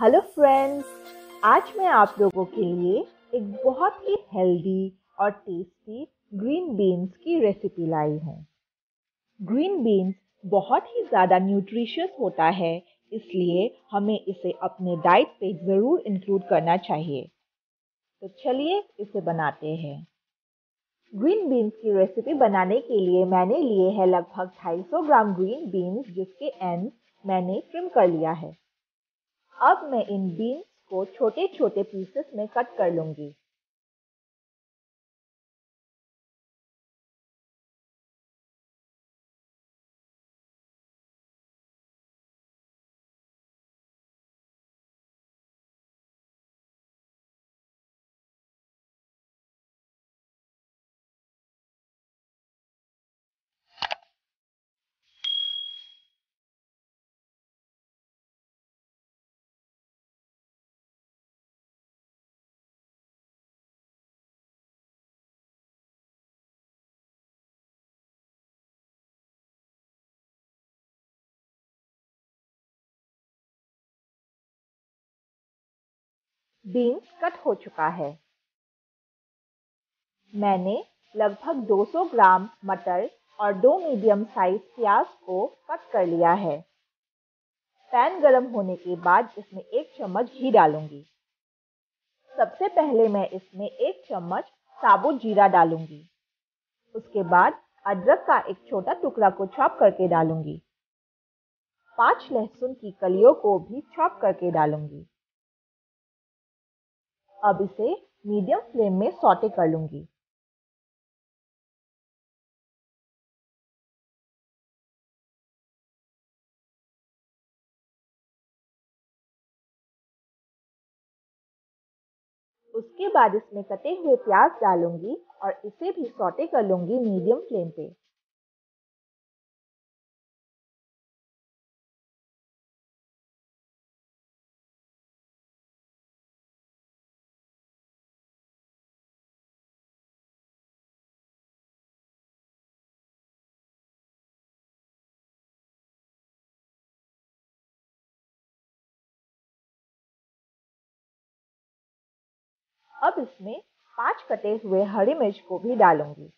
hello friends आज मैं आप लोगों के लिए एक बहुत ही हेल्दी और टेस्टी ग्रीन बीन्स की रेसिपी लाई हूँ ग्रीन बीन्स बहुत ही ज़्यादा न्यूट्रिशियस होता है इसलिए हमें इसे अपने डाइट पे ज़रूर इंक्लूड करना चाहिए तो चलिए इसे बनाते हैं ग्रीन बीन्स की रेसिपी बनाने के लिए मैंने लिए है लगभग 250 ग्राम ग्रीन बीन्स जिसके एंड मैंने ट्रिम कर लिया है अब मैं इन बीन्स को छोटे छोटे पीसेस में कट कर लूँगी बीन्स कट हो चुका है मैंने लगभग 200 ग्राम मटर और दो मीडियम साइज प्याज को कट कर लिया है पैन गरम होने के बाद इसमें एक चम्मच घी डालूंगी सबसे पहले मैं इसमें एक चम्मच साबुत जीरा डालूंगी उसके बाद अदरक का एक छोटा टुकड़ा को छॉप करके डालूंगी पांच लहसुन की कलियों को भी छॉप करके डालूंगी अब इसे मीडियम फ्लेम में सौटे कर लूंगी उसके बाद इसमें कटे हुए प्याज डालूंगी और इसे भी सौटे कर लूंगी मीडियम फ्लेम पे अब इसमें पांच कटे हुए हरी मिर्च को भी डालूंगी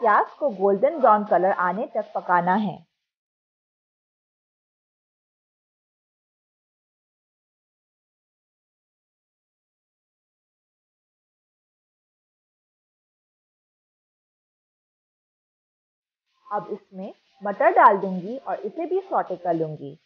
प्याज को गोल्डन ब्राउन कलर आने तक पकाना है अब इसमें मटर डाल दूंगी और इसे भी सॉटे कर लूंगी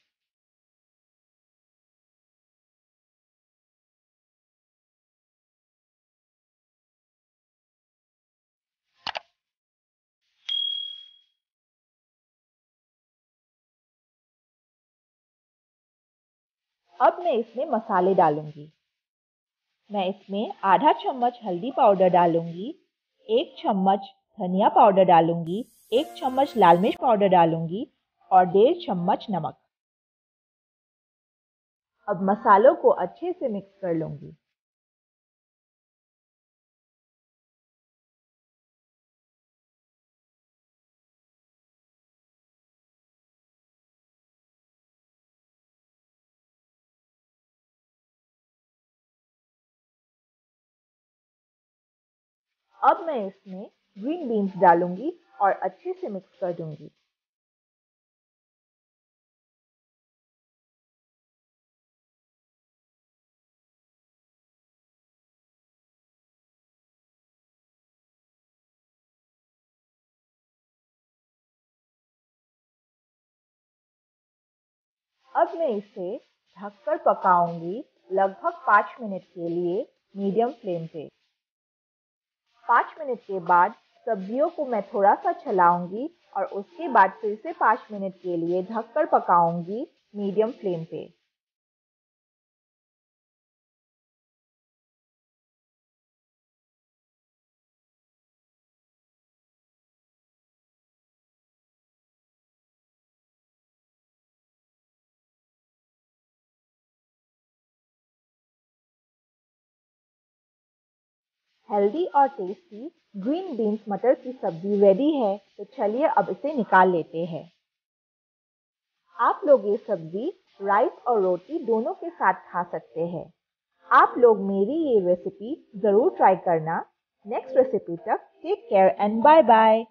अब मैं इसमें मसाले डालूंगी मैं इसमें आधा चम्मच हल्दी पाउडर डालूंगी एक चम्मच धनिया पाउडर डालूंगी एक चम्मच लाल मिर्च पाउडर डालूंगी और डेढ़ चम्मच नमक अब मसालों को अच्छे से मिक्स कर लूंगी अब मैं इसमें ग्रीन बीन्स डालूंगी और अच्छे से मिक्स कर दूंगी अब मैं इसे ढककर पकाऊंगी लगभग पाँच मिनट के लिए मीडियम फ्लेम पे पाँच मिनट के बाद सब्जियों को मैं थोड़ा सा छलाऊंगी और उसके बाद फिर से पाँच मिनट के लिए ढककर पकाऊंगी मीडियम फ्लेम पे हेल्दी और टेस्टी ग्रीन बीन्स मटर की सब्जी रेडी है तो चलिए अब इसे निकाल लेते हैं आप लोग ये सब्जी राइस और रोटी दोनों के साथ खा सकते हैं आप लोग मेरी ये रेसिपी ज़रूर ट्राई करना नेक्स्ट रेसिपी तक take care and bye bye